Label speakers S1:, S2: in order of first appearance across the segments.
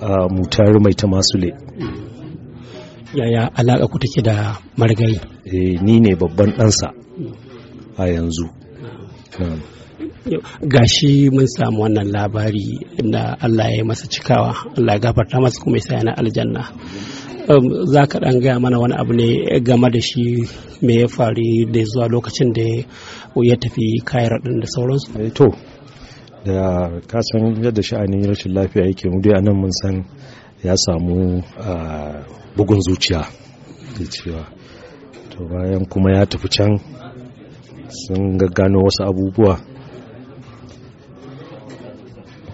S1: a mai ta masule
S2: yaya alaƙa ku take da
S1: marigayi eh ni ne babban ɗansa a yanzu
S2: gashi mun samu wannan labari inda Allah ya masa cikawa Allah ya gafarta masa kuma ya na aljanna um, za ka ɗan gaya mana wani abu ne game da shi me ya faru da zuwa lokacin da ya tafi kayar ɗin da
S1: sauransu eh, to da kasan yadda sha'anin rashin lafiya yake mu dai anan mun san ya samu bugun zuciya da cewa to bayan kuma ya tafi can sun gaggano wasu abubuwa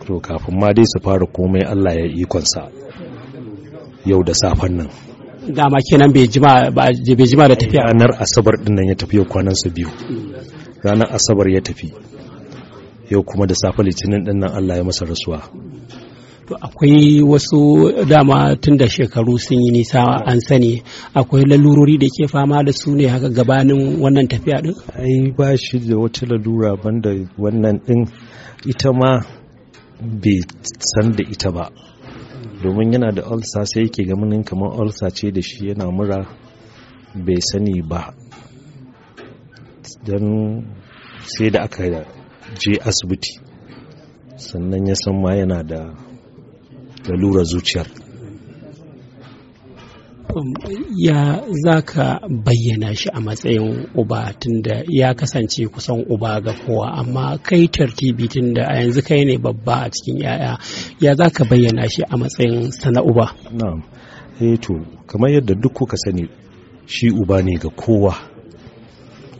S1: to kafin ma dai su fara komai Allah ya ikonsa yau da safen nan dama kenan bai jima bai jima da tafiya ranar asabar din nan ya tafi yau su biyu ranar asabar ya tafi yau kuma da safe litinin din nan Allah ya masa rasuwa to akwai
S2: wasu dama tun da shekaru sun yi nisa an sani akwai lalurori da ke fama da su ne haka gabanin wannan tafiya
S1: din ai ba shi da wata lalura banda wannan din ita ma bai san da ita ba domin yana da ulsa sai yake ga munin kamar ulsa ce da shi yana mura bai sani ba don sai da aka je asibiti sannan ya san ma yana da lalura zuciyar
S2: um, ya za ka bayyana shi a matsayin uba tunda ya kasance kusan uba ga kowa amma kai tartibi tunda a yanzu kai ne babba a cikin yaya ya za ka bayyana shi a
S1: matsayin sana uba na'am eh kamar yadda duk kuka sani shi uba ne ga kowa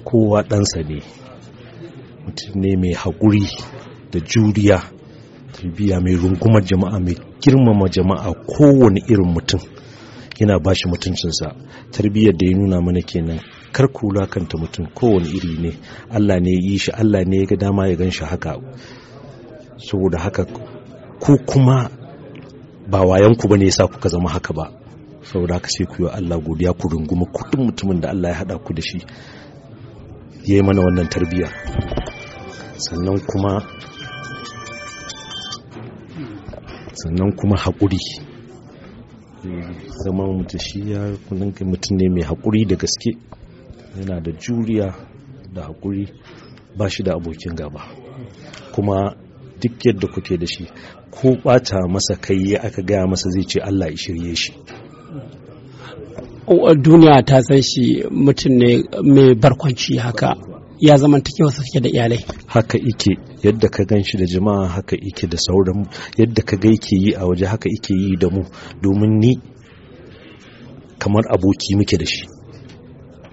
S1: kowa ɗansa ne mutum ne mai haƙuri da juriya tarbiyya mai rungumar jama'a mai girmama jama'a kowane irin mutum yana ba shi mutuncinsa tarbiyyar da ya nuna mana kenan kar ku mutum kowane iri ne allah ne ya yi shi allah ne ya ga dama ya gan shi haka saboda haka ku kuma ba wayanku ba ne ya sa kuka zama haka ba saboda haka sai ku yi allah godiya ku runguma kudin mutumin da allah ya haɗa ku da shi ya yi mana wannan tarbiyyar sannan kuma sannan kuma haƙuri zama mutum shi ya mutum ne mai haƙuri da gaske yana da juriya da haƙuri ba shi da abokin gaba kuma duk yadda kuke da shi ko ɓata masa kai aka gaya masa zai ce allah ya shirye shi duniya ta san shi mutum ne mai barkwanci haka ya zamantakewa kyau suke da iyalai haka ike yadda ka gan shi da jama'a haka ike da sauran yadda ka ga yake yi a waje haka ike yi da mu domin ni kamar aboki muke da shi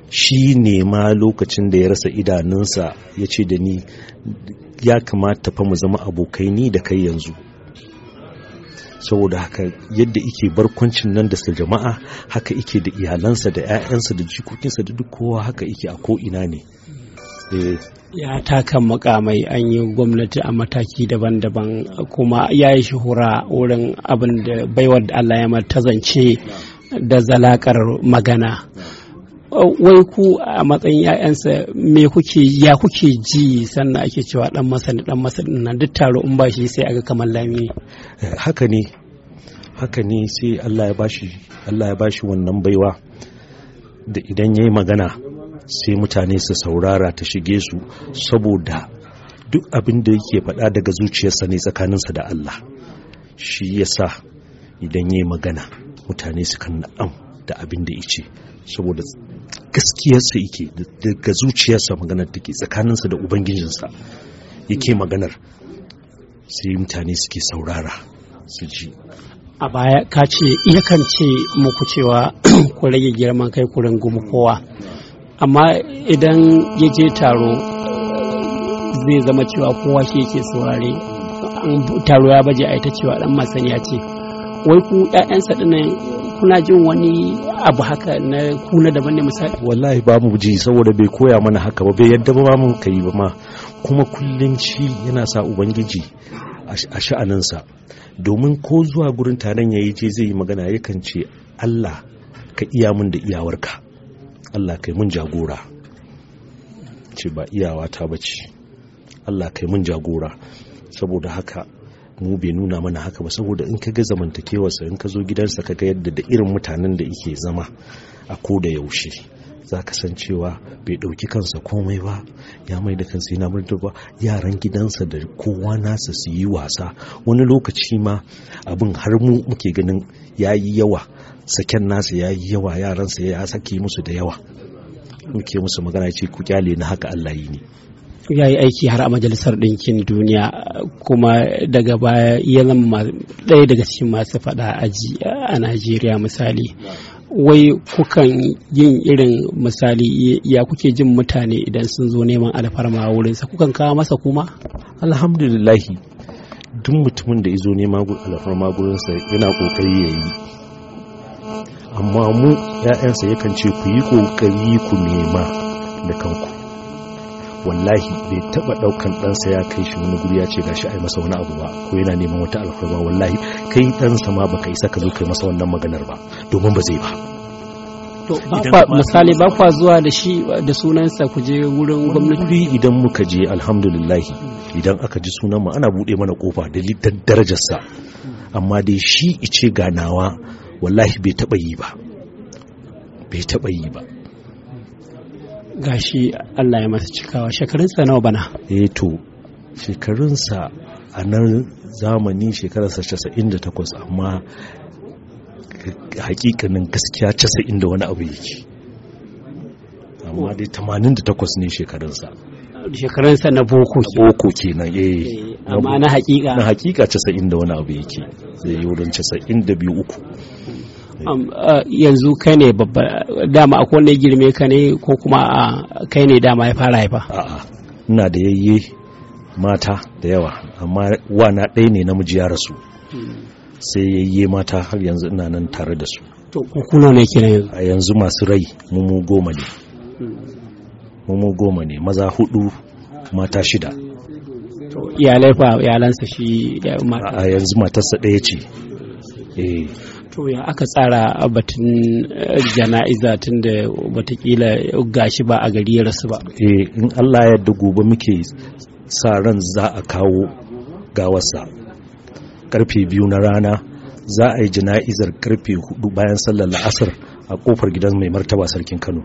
S1: shi ne ma lokacin da ya rasa idanunsa ya ce da ni ya kamata fa mu zama abokai ni da kai yanzu saboda haka yadda ike barkwancin nan da su jama'a haka ike da iyalansa da 'ya'yansa da jikokinsa da duk kowa haka ike a ko'ina ne Eh. ya taka makamai an
S2: yi gwamnati a mataki daban-daban kuma ya yi shuhura wurin abin da baiwar da Allah ya ta zance da zalakar magana wai ku a matsayin 'ya'yansa me kuke ya kuke ji sannan ake cewa dan masani dan masani na duk taro in ba shi sai aga kamar lami haka ne
S1: haka ne sai Allah ya bashi Allah ya bashi wannan baiwa da idan yayi magana sai mutane su saurara ta shige su saboda duk abin da yake faɗa daga zuciyarsa ne tsakaninsa da Allah shi yasa idan yayi magana mutane su kan na'am da abin da yace saboda gaskiyarsa yake daga zuciyarsa maganar take tsakaninsa da ubangijinsa yake maganar sai mutane suke saurara su ji
S2: a baya ka ce yakan ce muku cewa ku rage girman kai ku gumukowa kowa amma idan ya je taro zai zama cewa kowa shi yake saurare taro ya baje a ita cewa dan masaniya ce wai ku 'ya'yansa dinnan kuna jin wani abu haka na kuna daban ne misali
S1: wallahi ba mu ji saboda bai koya mana haka ba bai yadda ba mu kai ba ma kuma kullum shi yana sa ubangiji a sha'aninsa domin ko zuwa gurin taron yayi je zai yi magana yakan ce Allah ka iya mun da iyawarka Allah kai mun jagora ce ba iyawa ta bace Allah kai mun jagora saboda haka mu bai nuna mana haka ba saboda in ka ga zamantakewarsa in ka zo gidansa ka ga yadda da irin mutanen da yake zama a ko da yaushe za ka san cewa bai ɗauki kansa komai ba ya mai da kansa yana murda ba yaran gidansa da kowa nasa su yi wasa wani lokaci ma abin har mu muke ganin ya yi yawa saken nasa ya yi yawa yaransa ya saki musu da yawa muke musu magana ce ku kyale na haka Allah yi ne ya yi aiki har a majalisar
S2: ɗinkin duniya kuma daga baya ya zama ɗaya daga cikin masu faɗa aji a najeriya misali wai kukan yin irin misali ya kuke jin mutane idan sun zo neman alfarma wurinsa kukan kawo masa kuma
S1: alhamdulillahi duk mutumin da izo zo neman alfarma gurinsa yana ƙoƙari ya yi amma mu ‘ya'yansa yakan ce ku yi ƙoƙari ku nema da kanku wallahi bai taɓa ɗaukan ɗansa ya kai shi wani guri ya ce gashi ai masa wani abu ba ko yana neman wata alfarma wallahi kai ɗansa ma baka isa ka zo kai masa wannan maganar ba domin ba zai ba misali ba kwa zuwa da shi da sunansa ku je wurin gwamnati idan muka je alhamdulillah idan aka ji sunan mu ana bude mana kofa da darajarsa amma dai shi ice ganawa wallahi bai taɓa yi ba bai taɓa yi ba gashi Allah ya masa cikawa shekarunsa nawa bana eh to shekarunsa a nan zamani shekararsa 98 amma hakikanin gaskiya 90 da wani abu yake amma dai 88 ne shekarunsa shekarunsa na boko ke boko kenan eh, eh amma na hakika na hakika 90 da wani abu yake zai yi wurin 92 uku
S2: yanzu kai ne babba dama akwai wanda ya girme ka ne ko kuma kai ne dama ya fara haifa a'a
S1: ina da yayye mata da yawa amma wana ɗaya ne namiji ya rasu hmm. sai yayye mata har yanzu ina nan tare da su to kuna ne kira yanzu a yanzu masu rai mu goma ne hmm. mu goma ne maza hudu mata shida
S2: iyalai fa iyalansa shi
S1: a yanzu matarsa ɗaya ce
S2: eh. to ya aka tsara batun eh, jana'iza tun da watakila
S1: gashi ba a gari ya rasu ba eh in allah ya da gobe muke sa ran za a kawo gawarsa karfe biyu na rana za a yi jana'izar karfe hudu bayan sallar la'asar a kofar gidan mai martaba sarkin kano